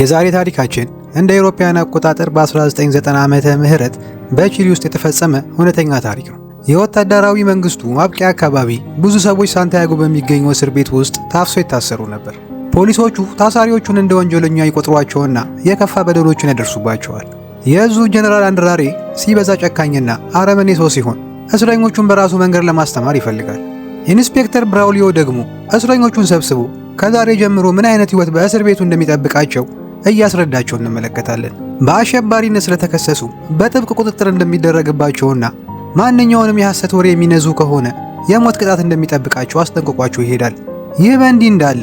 የዛሬ ታሪካችን እንደ አውሮፓውያን አቆጣጠር በ1990 ዓመተ ምህረት በቺሊ ውስጥ የተፈጸመ እውነተኛ ታሪክ ነው። የወታደራዊ መንግስቱ ማብቂያ አካባቢ ብዙ ሰዎች ሳንቲያጎ በሚገኘው እስር ቤት ውስጥ ታፍሰው ይታሰሩ ነበር። ፖሊሶቹ ታሳሪዎቹን እንደ ወንጀለኛ ይቆጥሯቸውና የከፋ በደሎችን ያደርሱባቸዋል። የእዙ ጀኔራል አንድራሬ ሲበዛ ጨካኝና አረመኔ ሰው ሲሆን እስረኞቹን በራሱ መንገድ ለማስተማር ይፈልጋል። ኢንስፔክተር ብራውሊዮ ደግሞ እስረኞቹን ሰብስቦ ከዛሬ ጀምሮ ምን አይነት ህይወት በእስር ቤቱ እንደሚጠብቃቸው እያስረዳቸው እንመለከታለን። በአሸባሪነት ስለተከሰሱ በጥብቅ ቁጥጥር እንደሚደረግባቸውና ማንኛውንም የሐሰት ወሬ የሚነዙ ከሆነ የሞት ቅጣት እንደሚጠብቃቸው አስጠንቅቋቸው ይሄዳል። ይህ በእንዲህ እንዳለ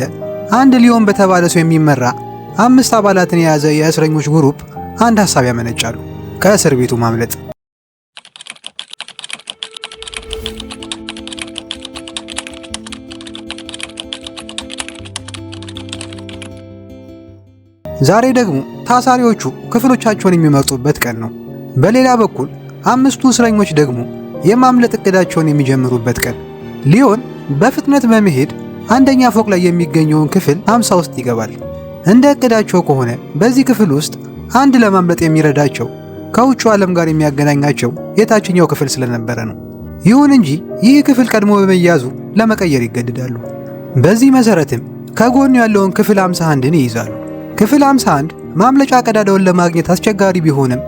አንድ ሊዮን በተባለ ሰው የሚመራ አምስት አባላትን የያዘ የእስረኞች ግሩፕ አንድ ሐሳብ ያመነጫሉ፣ ከእስር ቤቱ ማምለጥ። ዛሬ ደግሞ ታሳሪዎቹ ክፍሎቻቸውን የሚመርጡበት ቀን ነው። በሌላ በኩል አምስቱ እስረኞች ደግሞ የማምለጥ እቅዳቸውን የሚጀምሩበት ቀን። ሊዮን በፍጥነት በመሄድ አንደኛ ፎቅ ላይ የሚገኘውን ክፍል አምሳ ውስጥ ይገባል። እንደ እቅዳቸው ከሆነ በዚህ ክፍል ውስጥ አንድ ለማምለጥ የሚረዳቸው ከውጭ ዓለም ጋር የሚያገናኛቸው የታችኛው ክፍል ስለነበረ ነው። ይሁን እንጂ ይህ ክፍል ቀድሞ በመያዙ ለመቀየር ይገድዳሉ። በዚህ መሰረትም ከጎኑ ያለውን ክፍል አምሳ አንድን ይይዛሉ። ክፍል 51 ማምለጫ ቀዳዳውን ለማግኘት አስቸጋሪ ቢሆንም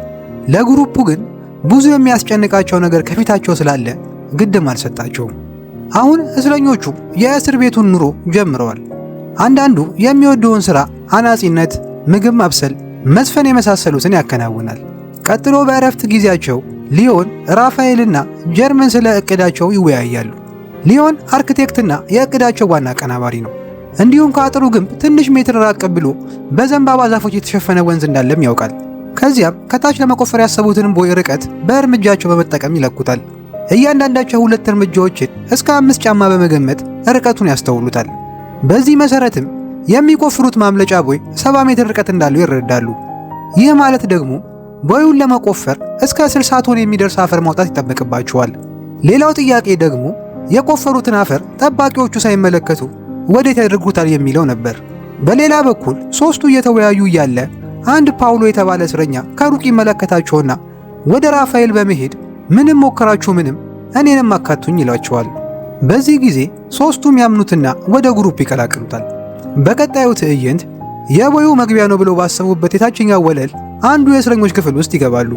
ለግሩፑ ግን ብዙ የሚያስጨንቃቸው ነገር ከፊታቸው ስላለ ግድም አልሰጣቸውም። አሁን እስረኞቹ የእስር ቤቱን ኑሮ ጀምረዋል። አንዳንዱ የሚወደውን ሥራ አናጺነት፣ ምግብ ማብሰል፣ መዝፈን የመሳሰሉትን ያከናውናል። ቀጥሎ በእረፍት ጊዜያቸው ሊዮን፣ ራፋኤልና ጀርመን ስለ ዕቅዳቸው ይወያያሉ። ሊዮን አርክቴክትና የዕቅዳቸው ዋና አቀናባሪ ነው። እንዲሁም ከአጥሩ ግንብ ትንሽ ሜትር ራቅ ብሎ በዘንባባ ዛፎች የተሸፈነ ወንዝ እንዳለም ያውቃል። ከዚያም ከታች ለመቆፈር ያሰቡትንም ቦይ ርቀት በእርምጃቸው በመጠቀም ይለኩታል። እያንዳንዳቸው ሁለት እርምጃዎችን እስከ አምስት ጫማ በመገመት ርቀቱን ያስተውሉታል። በዚህ መሰረትም የሚቆፍሩት ማምለጫ ቦይ ሰ7 ሜትር ርቀት እንዳለው ይረዳሉ። ይህ ማለት ደግሞ ቦዩን ለመቆፈር እስከ 60 ቶን የሚደርስ አፈር ማውጣት ይጠበቅባቸዋል። ሌላው ጥያቄ ደግሞ የቆፈሩትን አፈር ጠባቂዎቹ ሳይመለከቱ ወዴት ያደርጉታል የሚለው ነበር። በሌላ በኩል ሦስቱ እየተወያዩ እያለ አንድ ፓውሎ የተባለ እስረኛ ከሩቅ ይመለከታቸውና ወደ ራፋኤል በመሄድ ምንም ሞከራችሁ ምንም እኔንም አካቱኝ ይላቸዋል። በዚህ ጊዜ ሦስቱም ያምኑትና ወደ ግሩፕ ይቀላቅሉታል። በቀጣዩ ትዕይንት የቦዩ መግቢያ ነው ብለው ባሰቡበት የታችኛው ወለል አንዱ የእስረኞች ክፍል ውስጥ ይገባሉ።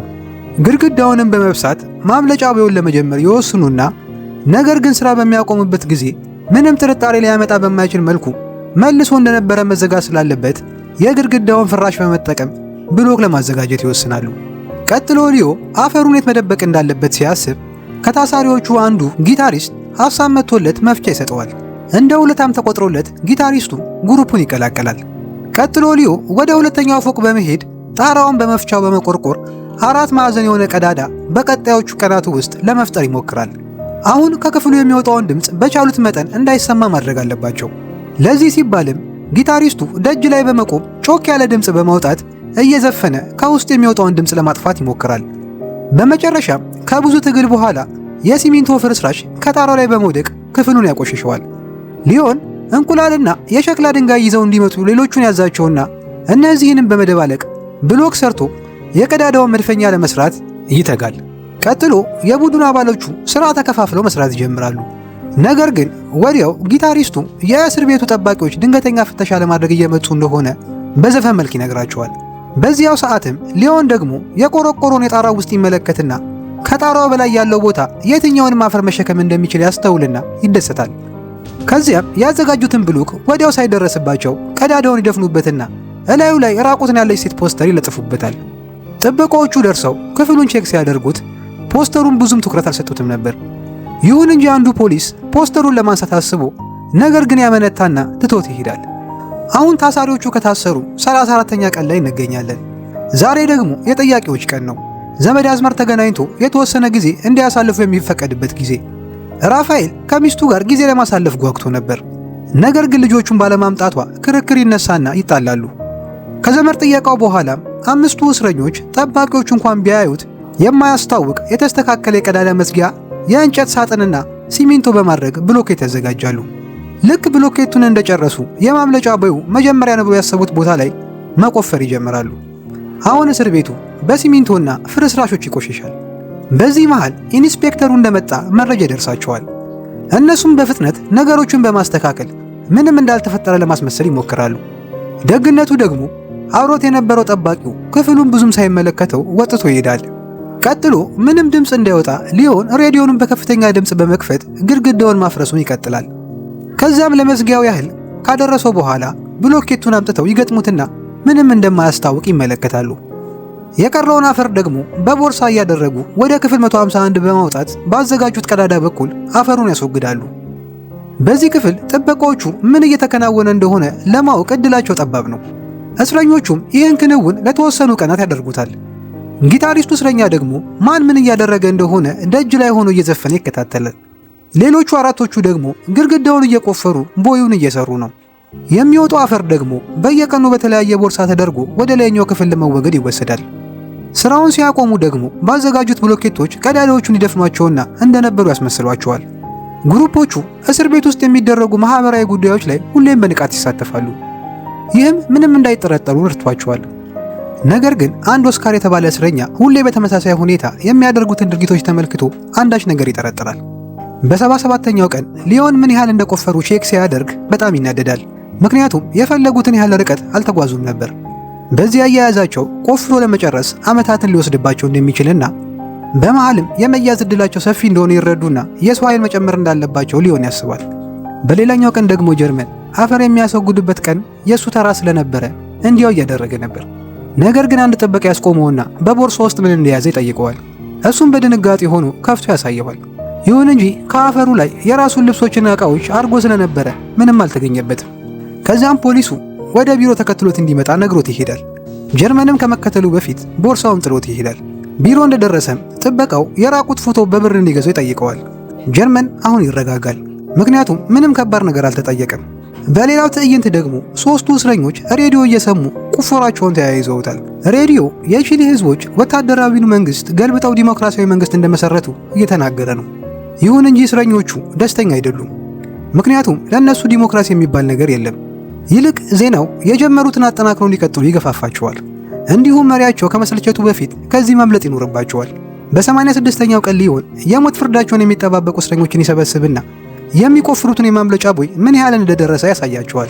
ግድግዳውንም በመብሳት ማምለጫ ቦዩን ለመጀመር ይወስኑና ነገር ግን ሥራ በሚያቆሙበት ጊዜ ምንም ጥርጣሬ ሊያመጣ በማይችል መልኩ መልሶ እንደነበረ መዘጋት ስላለበት የግድግዳውን ፍራሽ በመጠቀም ብሎክ ለማዘጋጀት ይወስናሉ። ቀጥሎ ሊዮ አፈሩን የት መደበቅ እንዳለበት ሲያስብ ከታሳሪዎቹ አንዱ ጊታሪስት ሀሳብ መጥቶለት መፍቻ ይሰጠዋል። እንደ ውለታም ተቆጥሮለት ጊታሪስቱ ግሩፑን ይቀላቀላል። ቀጥሎ ሊዮ ወደ ሁለተኛው ፎቅ በመሄድ ጣራውን በመፍቻው በመቆርቆር አራት ማዕዘን የሆነ ቀዳዳ በቀጣዮቹ ቀናቱ ውስጥ ለመፍጠር ይሞክራል። አሁን ከክፍሉ የሚወጣውን ድምፅ በቻሉት መጠን እንዳይሰማ ማድረግ አለባቸው። ለዚህ ሲባልም ጊታሪስቱ ደጅ ላይ በመቆም ጮክ ያለ ድምፅ በማውጣት እየዘፈነ ከውስጥ የሚወጣውን ድምፅ ለማጥፋት ይሞክራል። በመጨረሻም ከብዙ ትግል በኋላ የሲሚንቶ ፍርስራሽ ከጣራው ላይ በመውደቅ ክፍሉን ያቆሽሸዋል። ሊዮን እንቁላልና የሸክላ ድንጋይ ይዘው እንዲመጡ ሌሎቹን ያዛቸውና እነዚህንም በመደባለቅ ብሎክ ሰርቶ የቀዳዳውን መድፈኛ ለመስራት ይተጋል። ቀጥሎ የቡድን አባሎቹ ስራ ተከፋፍለው መስራት ይጀምራሉ። ነገር ግን ወዲያው ጊታሪስቱ የእስር ቤቱ ጠባቂዎች ድንገተኛ ፍተሻ ለማድረግ እየመጡ እንደሆነ በዘፈን መልክ ይነግራቸዋል። በዚያው ሰዓትም ሊዮን ደግሞ የቆረቆሮን የጣራ ውስጥ ይመለከትና ከጣራው በላይ ያለው ቦታ የትኛውን አፈር መሸከም እንደሚችል ያስተውልና ይደሰታል። ከዚያም ያዘጋጁትን ብሉክ ወዲያው ሳይደረስባቸው ቀዳዳውን ይደፍኑበትና እላዩ ላይ ራቁትን ያለች ሴት ፖስተር ይለጥፉበታል። ጥበቃዎቹ ደርሰው ክፍሉን ቼክ ሲያደርጉት ፖስተሩን ብዙም ትኩረት አልሰጡትም ነበር። ይሁን እንጂ አንዱ ፖሊስ ፖስተሩን ለማንሳት አስቦ ነገር ግን ያመነታና ትቶት ይሄዳል። አሁን ታሳሪዎቹ ከታሰሩ 34ተኛ ቀን ላይ እንገኛለን። ዛሬ ደግሞ የጠያቂዎች ቀን ነው። ዘመድ አዝመር ተገናኝቶ የተወሰነ ጊዜ እንዲያሳልፉ የሚፈቀድበት ጊዜ። ራፋኤል ከሚስቱ ጋር ጊዜ ለማሳለፍ ጓግቶ ነበር። ነገር ግን ልጆቹን ባለማምጣቷ ክርክር ይነሳና ይጣላሉ። ከዘመድ ጥየቃው በኋላም አምስቱ እስረኞች ጠባቂዎች እንኳን ቢያዩት የማያስታውቅ የተስተካከለ የቀዳዳ መዝጊያ፣ የእንጨት ሳጥንና ሲሚንቶ በማድረግ ብሎኬት ያዘጋጃሉ። ልክ ብሎኬቱን እንደጨረሱ የማምለጫ ቦዩ መጀመሪያ ነው ብሎ ያሰቡት ቦታ ላይ መቆፈር ይጀምራሉ። አሁን እስር ቤቱ በሲሚንቶና ፍርስራሾች ይቆሸሻል። በዚህ መሃል ኢንስፔክተሩ እንደመጣ መረጃ ይደርሳቸዋል። እነሱም በፍጥነት ነገሮቹን በማስተካከል ምንም እንዳልተፈጠረ ለማስመሰል ይሞክራሉ። ደግነቱ ደግሞ አብሮት የነበረው ጠባቂው ክፍሉን ብዙም ሳይመለከተው ወጥቶ ይሄዳል። ቀጥሎ ምንም ድምፅ እንዳይወጣ ሊዮን ሬዲዮኑን በከፍተኛ ድምፅ በመክፈት ግድግዳውን ማፍረሱን ይቀጥላል። ከዚያም ለመዝጊያው ያህል ካደረሰው በኋላ ብሎኬቱን አምጥተው ይገጥሙትና ምንም እንደማያስታውቅ ይመለከታሉ። የቀረውን አፈር ደግሞ በቦርሳ እያደረጉ ወደ ክፍል 151 በማውጣት ባዘጋጁት ቀዳዳ በኩል አፈሩን ያስወግዳሉ። በዚህ ክፍል ጥበቃዎቹ ምን እየተከናወነ እንደሆነ ለማወቅ እድላቸው ጠባብ ነው። እስረኞቹም ይህን ክንውን ለተወሰኑ ቀናት ያደርጉታል። ጊታሪስቱ እስረኛ ደግሞ ማን ምን እያደረገ እንደሆነ ደጅ ላይ ሆኖ እየዘፈነ ይከታተላል። ሌሎቹ አራቶቹ ደግሞ ግድግዳውን እየቆፈሩ ቦዩን እየሰሩ ነው። የሚወጣው አፈር ደግሞ በየቀኑ በተለያየ ቦርሳ ተደርጎ ወደ ላይኛው ክፍል ለመወገድ ይወሰዳል። ስራውን ሲያቆሙ ደግሞ ባዘጋጁት ብሎኬቶች ቀዳዳዎቹን ይደፍኗቸውና እንደነበሩ ያስመስሏቸዋል። ግሩፖቹ እስር ቤት ውስጥ የሚደረጉ ማህበራዊ ጉዳዮች ላይ ሁሌም በንቃት ይሳተፋሉ። ይህም ምንም እንዳይጠረጠሩ ረድቷቸዋል። ነገር ግን አንድ ኦስካር የተባለ እስረኛ ሁሌ በተመሳሳይ ሁኔታ የሚያደርጉትን ድርጊቶች ተመልክቶ አንዳች ነገር ይጠረጥራል። በሰባ ሰባተኛው ቀን ሊዮን ምን ያህል እንደቆፈሩ ቼክ ሲያደርግ በጣም ይናደዳል። ምክንያቱም የፈለጉትን ያህል ርቀት አልተጓዙም ነበር። በዚህ አያያዛቸው ቆፍሮ ለመጨረስ ዓመታትን ሊወስድባቸው እንደሚችልና በመሃልም የመያዝ ዕድላቸው ሰፊ እንደሆነ ይረዱና የሰው ኃይል መጨመር እንዳለባቸው ሊሆን ያስባል። በሌላኛው ቀን ደግሞ ጀርመን አፈር የሚያስወግዱበት ቀን የእሱ ተራ ስለነበረ እንዲያው እያደረገ ነበር። ነገር ግን አንድ ጥበቃ ያስቆመውና በቦርሳ ውስጥ ምን እንደያዘ ይጠይቀዋል። እሱም በድንጋጤ ሆኖ ከፍቶ ያሳየዋል። ይሁን እንጂ ከአፈሩ ላይ የራሱን ልብሶችና እቃዎች አድርጎ ስለነበረ ምንም አልተገኘበትም። ከዚያም ፖሊሱ ወደ ቢሮ ተከትሎት እንዲመጣ ነግሮት ይሄዳል። ጀርመንም ከመከተሉ በፊት ቦርሳውን ጥሎት ይሄዳል። ቢሮ እንደደረሰም ጥበቃው የራቁት ፎቶ በብር እንዲገዛው ይጠይቀዋል። ጀርመን አሁን ይረጋጋል፣ ምክንያቱም ምንም ከባድ ነገር አልተጠየቀም። በሌላው ትዕይንት ደግሞ ሶስቱ እስረኞች ሬዲዮ እየሰሙ ቁፋሯቸውን ተያይዘውታል። ሬዲዮ የቺሊ ህዝቦች ወታደራዊን መንግስት ገልብጠው ዲሞክራሲያዊ መንግስት እንደመሰረቱ እየተናገረ ነው። ይሁን እንጂ እስረኞቹ ደስተኛ አይደሉም። ምክንያቱም ለእነሱ ዲሞክራሲ የሚባል ነገር የለም። ይልቅ ዜናው የጀመሩትን አጠናክረው እንዲቀጥሉ ይገፋፋቸዋል። እንዲሁም መሪያቸው ከመሰልቸቱ በፊት ከዚህ መምለጥ ይኖርባቸዋል። በ86ኛው ቀን ሊሆን የሞት ፍርዳቸውን የሚጠባበቁ እስረኞችን ይሰበስብና የሚቆፍሩትን የማምለጫ ቦይ ምን ያህል እንደደረሰ ያሳያቸዋል።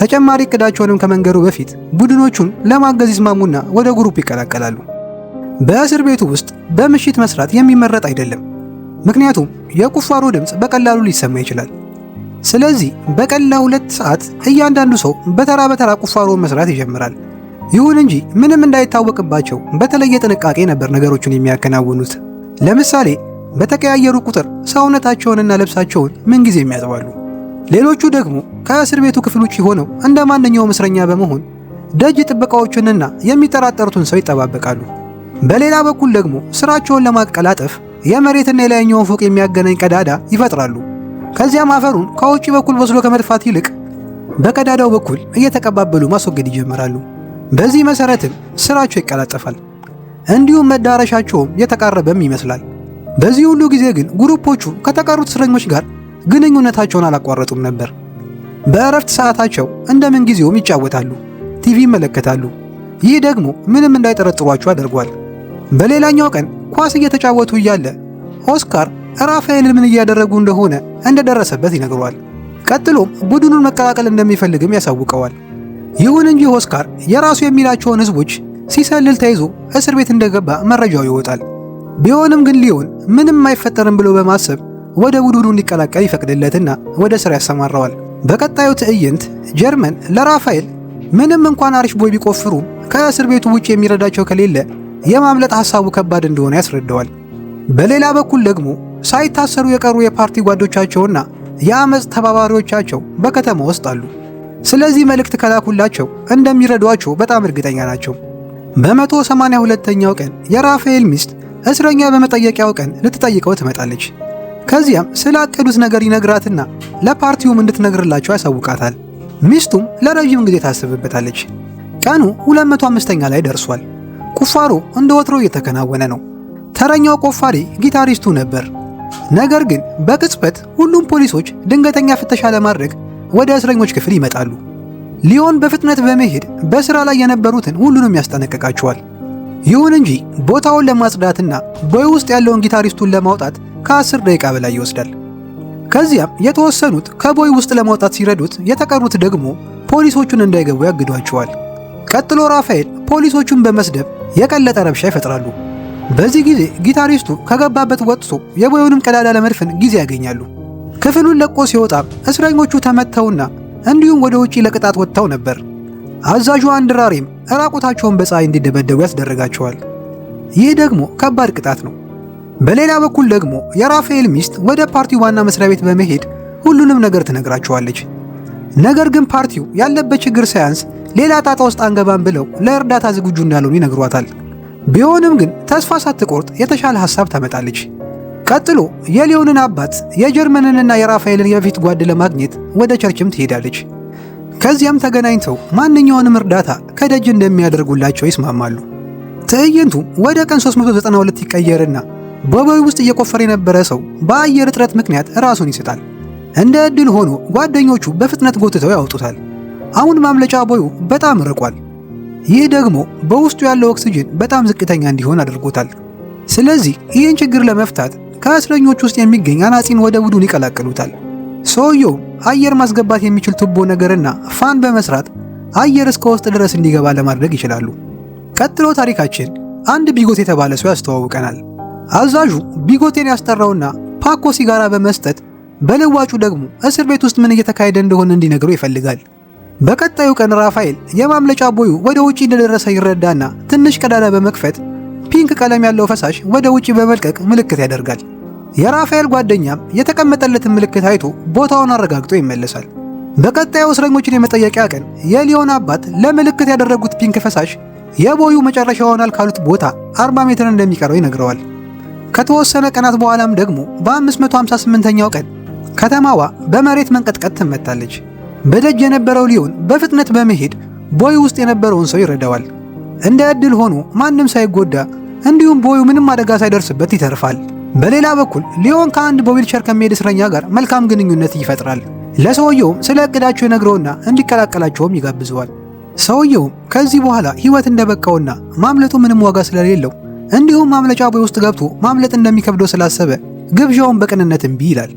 ተጨማሪ እቅዳቸውንም ከመንገሩ በፊት ቡድኖቹን ለማገዝ ይስማሙና ወደ ግሩፕ ይቀላቀላሉ። በእስር ቤቱ ውስጥ በምሽት መስራት የሚመረጥ አይደለም፣ ምክንያቱም የቁፋሮ ድምፅ በቀላሉ ሊሰማ ይችላል። ስለዚህ በቀላ ሁለት ሰዓት እያንዳንዱ ሰው በተራ በተራ ቁፋሮን መስራት ይጀምራል። ይሁን እንጂ ምንም እንዳይታወቅባቸው በተለየ ጥንቃቄ ነበር ነገሮቹን የሚያከናውኑት። ለምሳሌ በተቀያየሩ ቁጥር ሰውነታቸውንና ልብሳቸውን ምንጊዜም ያጥባሉ። ሌሎቹ ደግሞ ከእስር ቤቱ ክፍል ውጭ ሆነው እንደ ማንኛውም እስረኛ በመሆን ደጅ ጥበቃዎቹንና የሚጠራጠሩትን ሰው ይጠባበቃሉ። በሌላ በኩል ደግሞ ስራቸውን ለማቀላጠፍ የመሬትና የላይኛውን ፎቅ የሚያገናኝ ቀዳዳ ይፈጥራሉ። ከዚያም አፈሩን ከውጭ በኩል በስሎ ከመድፋት ይልቅ በቀዳዳው በኩል እየተቀባበሉ ማስወገድ ይጀምራሉ። በዚህ መሰረትም ስራቸው ይቀላጠፋል፣ እንዲሁም መዳረሻቸውም የተቃረበም ይመስላል። በዚህ ሁሉ ጊዜ ግን ግሩፖቹ ከተቀሩት እስረኞች ጋር ግንኙነታቸውን አላቋረጡም ነበር። በእረፍት ሰዓታቸው እንደምን ጊዜውም ይጫወታሉ፣ ቲቪ ይመለከታሉ። ይህ ደግሞ ምንም እንዳይጠረጥሯቸው አድርጓል። በሌላኛው ቀን ኳስ እየተጫወቱ እያለ ኦስካር ራፋኤልን ምን እያደረጉ እንደሆነ እንደደረሰበት ይነግሯል። ቀጥሎም ቡድኑን መቀላቀል እንደሚፈልግም ያሳውቀዋል። ይሁን እንጂ ኦስካር የራሱ የሚላቸውን ህዝቦች ሲሰልል ተይዞ እስር ቤት እንደገባ መረጃው ይወጣል። ቢሆንም ግን ሊዮን ምንም አይፈጠርም ብሎ በማሰብ ወደ ቡድኑ እንዲቀላቀል ይፈቅድለትና ወደ ስራ ያሰማራዋል። በቀጣዩ ትዕይንት ጀርመን ለራፋኤል ምንም እንኳን አሪፍ ቦይ ቢቆፍሩ ከእስር ቤቱ ውጭ የሚረዳቸው ከሌለ የማምለጥ ሐሳቡ ከባድ እንደሆነ ያስረደዋል። በሌላ በኩል ደግሞ ሳይታሰሩ የቀሩ የፓርቲ ጓዶቻቸውና የአመፅ ተባባሪዎቻቸው በከተማ ውስጥ አሉ። ስለዚህ መልእክት ከላኩላቸው እንደሚረዷቸው በጣም እርግጠኛ ናቸው። በ በ182ኛው ቀን የራፋኤል ሚስት እስረኛ በመጠየቂያው ቀን ልትጠይቀው ትመጣለች። ከዚያም ስላቀዱት ነገር ይነግራትና ለፓርቲውም እንድትነግርላቸው ያሳውቃታል። ሚስቱም ለረዥም ጊዜ ታስብበታለች። ቀኑ 205ኛ ላይ ደርሷል። ቁፋሮ እንደ ወትሮ እየተከናወነ ነው። ተረኛው ቆፋሪ ጊታሪስቱ ነበር። ነገር ግን በቅጽበት ሁሉም ፖሊሶች ድንገተኛ ፍተሻ ለማድረግ ወደ እስረኞች ክፍል ይመጣሉ። ሊዮን በፍጥነት በመሄድ በስራ ላይ የነበሩትን ሁሉንም ያስጠነቅቃቸዋል። ይሁን እንጂ ቦታውን ለማጽዳትና ቦይ ውስጥ ያለውን ጊታሪስቱን ለማውጣት ከአስር ደቂቃ በላይ ይወስዳል። ከዚያም የተወሰኑት ከቦይ ውስጥ ለማውጣት ሲረዱት፣ የተቀሩት ደግሞ ፖሊሶቹን እንዳይገቡ ያግዷቸዋል። ቀጥሎ ራፋኤል ፖሊሶቹን በመስደብ የቀለጠ ረብሻ ይፈጥራሉ። በዚህ ጊዜ ጊታሪስቱ ከገባበት ወጥቶ የቦዩንም ቀዳዳ ለመድፈን ጊዜ ያገኛሉ። ክፍሉን ለቆ ሲወጣም እስረኞቹ ተመተውና እንዲሁም ወደ ውጪ ለቅጣት ወጥተው ነበር። አዛዡ አንድራሪም ራቁታቸውን በፀሐይ እንዲደበደቡ ያስደረጋቸዋል። ይህ ደግሞ ከባድ ቅጣት ነው። በሌላ በኩል ደግሞ የራፋኤል ሚስት ወደ ፓርቲው ዋና መስሪያ ቤት በመሄድ ሁሉንም ነገር ትነግራቸዋለች። ነገር ግን ፓርቲው ያለበት ችግር ሳያንስ ሌላ ጣጣ ውስጥ አንገባም ብለው ለእርዳታ ዝግጁ እንዳልሆኑ ይነግሯታል። ቢሆንም ግን ተስፋ ሳትቆርጥ የተሻለ ሐሳብ ታመጣለች። ቀጥሎ የሊዮንን አባት የጀርመንንና የራፋኤልን የበፊት ጓድ ለማግኘት ወደ ቸርችም ትሄዳለች። ከዚያም ተገናኝተው ማንኛውንም እርዳታ ከደጅ እንደሚያደርጉላቸው ይስማማሉ። ትዕይንቱ ወደ ቀን 392 ይቀየርና በቦይ ውስጥ እየቆፈረ የነበረ ሰው በአየር እጥረት ምክንያት ራሱን ይስጣል። እንደ ዕድል ሆኖ ጓደኞቹ በፍጥነት ጎትተው ያወጡታል። አሁን ማምለጫ ቦዩ በጣም ርቋል። ይህ ደግሞ በውስጡ ያለው ኦክስጅን በጣም ዝቅተኛ እንዲሆን አድርጎታል። ስለዚህ ይህን ችግር ለመፍታት ከእስረኞች ውስጥ የሚገኝ አናጺን ወደ ቡድን ይቀላቅሉታል። ሰውየው አየር ማስገባት የሚችል ቱቦ ነገርና ፋን በመስራት አየር እስከ ውስጥ ድረስ እንዲገባ ለማድረግ ይችላሉ። ቀጥሎ ታሪካችን አንድ ቢጎት የተባለ ሰው ያስተዋውቀናል። አዛዡ ቢጎቴን ያስጠራውና ፓኮ ሲጋራ በመስጠት በልዋጩ ደግሞ እስር ቤት ውስጥ ምን እየተካሄደ እንደሆነ እንዲነግረው ይፈልጋል። በቀጣዩ ቀን ራፋኤል የማምለጫ ቦዩ ወደ ውጪ እንደደረሰ ይረዳና ትንሽ ቀዳዳ በመክፈት ፒንክ ቀለም ያለው ፈሳሽ ወደ ውጪ በመልቀቅ ምልክት ያደርጋል። የራፋኤል ጓደኛም የተቀመጠለትን ምልክት አይቶ ቦታውን አረጋግጦ ይመለሳል። በቀጣዩ እስረኞችን የመጠየቂያ ቀን የሊዮን አባት ለምልክት ያደረጉት ፒንክ ፈሳሽ የቦዩ መጨረሻ ይሆናል ካሉት ቦታ 40 ሜትር እንደሚቀረው ይነግረዋል። ከተወሰነ ቀናት በኋላም ደግሞ በ558ኛው ቀን ከተማዋ በመሬት መንቀጥቀጥ ትመታለች። በደጅ የነበረው ሊዮን በፍጥነት በመሄድ ቦይ ውስጥ የነበረውን ሰው ይረዳዋል። እንደ ዕድል ሆኖ ማንም ሳይጎዳ እንዲሁም ቦዩ ምንም አደጋ ሳይደርስበት ይተርፋል። በሌላ በኩል ሊዮን ከአንድ በዊልቸር ከሚሄድ እስረኛ ጋር መልካም ግንኙነት ይፈጥራል። ለሰውየውም ስለ እቅዳቸው ይነግረውና እንዲቀላቀላቸውም ይጋብዘዋል። ሰውየውም ከዚህ በኋላ ህይወት እንደበቃውና ማምለጡ ምንም ዋጋ ስለሌለው እንዲሁም ማምለጫ ቦይ ውስጥ ገብቶ ማምለጥ እንደሚከብደው ስላሰበ ግብዣውን በቅንነት እምቢ ይላል።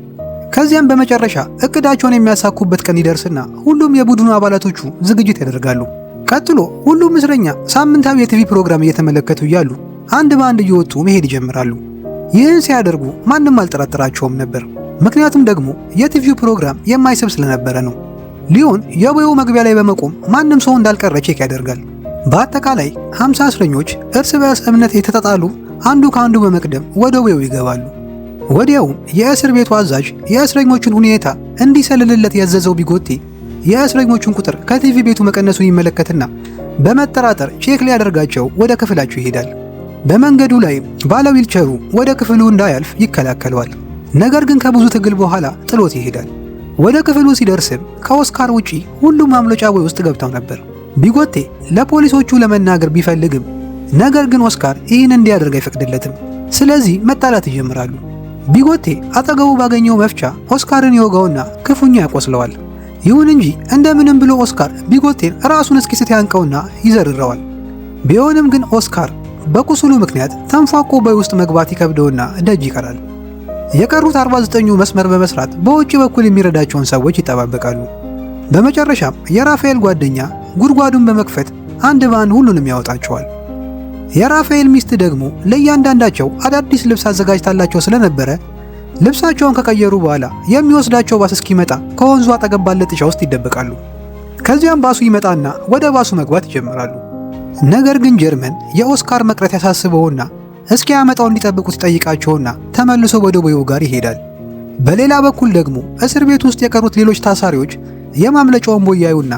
ከዚያም በመጨረሻ እቅዳቸውን የሚያሳኩበት ቀን ይደርስና ሁሉም የቡድኑ አባላቶቹ ዝግጅት ያደርጋሉ። ቀጥሎ ሁሉም እስረኛ ሳምንታዊ የቲቪ ፕሮግራም እየተመለከቱ እያሉ አንድ በአንድ እየወጡ መሄድ ይጀምራሉ። ይህን ሲያደርጉ ማንም አልጠረጠራቸውም ነበር፣ ምክንያቱም ደግሞ የቲቪው ፕሮግራም የማይስብ ስለነበረ ነው። ሊዮን የቦዩ መግቢያ ላይ በመቆም ማንም ሰው እንዳልቀረ ቼክ ያደርጋል። በአጠቃላይ 50 እስረኞች እርስ በርስ እምነት የተጣጣሉ አንዱ ከአንዱ በመቅደም ወደ ቦዩ ይገባሉ። ወዲያውም የእስር ቤቱ አዛዥ የእስረኞቹን ሁኔታ እንዲሰልልለት ያዘዘው ቢጎቴ የእስረኞቹን ቁጥር ከቲቪ ቤቱ መቀነሱን ይመለከትና በመጠራጠር ቼክ ሊያደርጋቸው ወደ ክፍላቸው ይሄዳል። በመንገዱ ላይ ባለ ዊልቸሩ ወደ ክፍሉ እንዳያልፍ ይከላከለዋል። ነገር ግን ከብዙ ትግል በኋላ ጥሎት ይሄዳል። ወደ ክፍሉ ሲደርስም ከኦስካር ውጪ ሁሉም ማምለጫ ቦይ ውስጥ ገብተው ነበር። ቢጎቴ ለፖሊሶቹ ለመናገር ቢፈልግም ነገር ግን ኦስካር ይህን እንዲያደርግ አይፈቅድለትም። ስለዚህ መጣላት ይጀምራሉ። ቢጎቴ አጠገቡ ባገኘው መፍቻ ኦስካርን ይወጋውና ክፉኛ ያቆስለዋል። ይሁን እንጂ እንደምንም ብሎ ኦስካር ቢጎቴን ራሱን እስኪስት ያንቀውና ይዘርረዋል። ቢሆንም ግን ኦስካር በቁስሉ ምክንያት ተንፏቆ በይ ውስጥ መግባት ይከብደውና ደጅ ይቀራል። የቀሩት 49ኙ መስመር በመስራት በውጭ በኩል የሚረዳቸውን ሰዎች ይጠባበቃሉ። በመጨረሻም የራፋኤል ጓደኛ ጉድጓዱን በመክፈት አንድ በአንድ ሁሉንም ያወጣቸዋል። የራፋኤል ሚስት ደግሞ ለእያንዳንዳቸው አዳዲስ ልብስ አዘጋጅታላቸው ስለነበረ ልብሳቸውን ከቀየሩ በኋላ የሚወስዳቸው ባስ እስኪመጣ ከወንዙ አጠገብ ባለ ጥሻ ውስጥ ይደበቃሉ። ከዚያም ባሱ ይመጣና ወደ ባሱ መግባት ይጀምራሉ። ነገር ግን ጀርመን የኦስካር መቅረት ያሳስበውና እስኪያመጣው እንዲጠብቁት ይጠይቃቸውና ተመልሶ ወደ ጋር ይሄዳል። በሌላ በኩል ደግሞ እስር ቤት ውስጥ የቀሩት ሌሎች ታሳሪዎች የማምለጫውን ቦይ ያዩና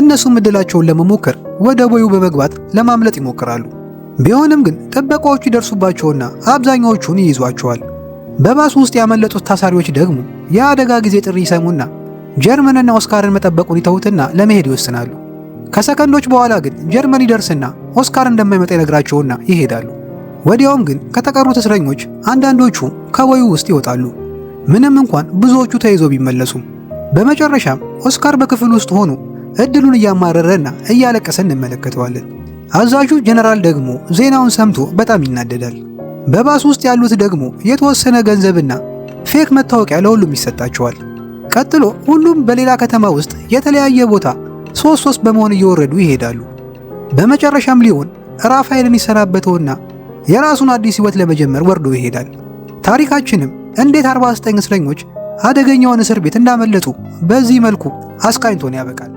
እነሱም እድላቸውን ለመሞከር ወደ ቦዩ በመግባት ለማምለጥ ይሞክራሉ። ቢሆንም ግን ጥበቃዎቹ ይደርሱባቸውና አብዛኛዎቹን ይይዟቸዋል። በባሱ ውስጥ ያመለጡት ታሳሪዎች ደግሞ የአደጋ ጊዜ ጥሪ ይሰሙና ጀርመንና ኦስካርን መጠበቁን ይተውትና ለመሄድ ይወስናሉ። ከሰከንዶች በኋላ ግን ጀርመን ይደርስና ኦስካር እንደማይመጣ ይነግራቸውና ይሄዳሉ። ወዲያውም ግን ከተቀሩት እስረኞች አንዳንዶቹ ከወዩ ውስጥ ይወጣሉ፣ ምንም እንኳን ብዙዎቹ ተይዘው ቢመለሱም። በመጨረሻም ኦስካር በክፍል ውስጥ ሆኖ እድሉን እያማረረና እያለቀሰ እንመለከተዋለን። አዛዡ ጀነራል ደግሞ ዜናውን ሰምቶ በጣም ይናደዳል። በባስ ውስጥ ያሉት ደግሞ የተወሰነ ገንዘብና ፌክ መታወቂያ ለሁሉም ይሰጣቸዋል። ቀጥሎ ሁሉም በሌላ ከተማ ውስጥ የተለያየ ቦታ ሶስት ሶስት በመሆን እየወረዱ ይሄዳሉ። በመጨረሻም ሊሆን ራፋኤልን ይሰናበተውና የራሱን አዲስ ህይወት ለመጀመር ወርዶ ይሄዳል። ታሪካችንም እንዴት 49 እስረኞች አደገኛውን እስር ቤት እንዳመለጡ በዚህ መልኩ አስቃኝቶን ያበቃል።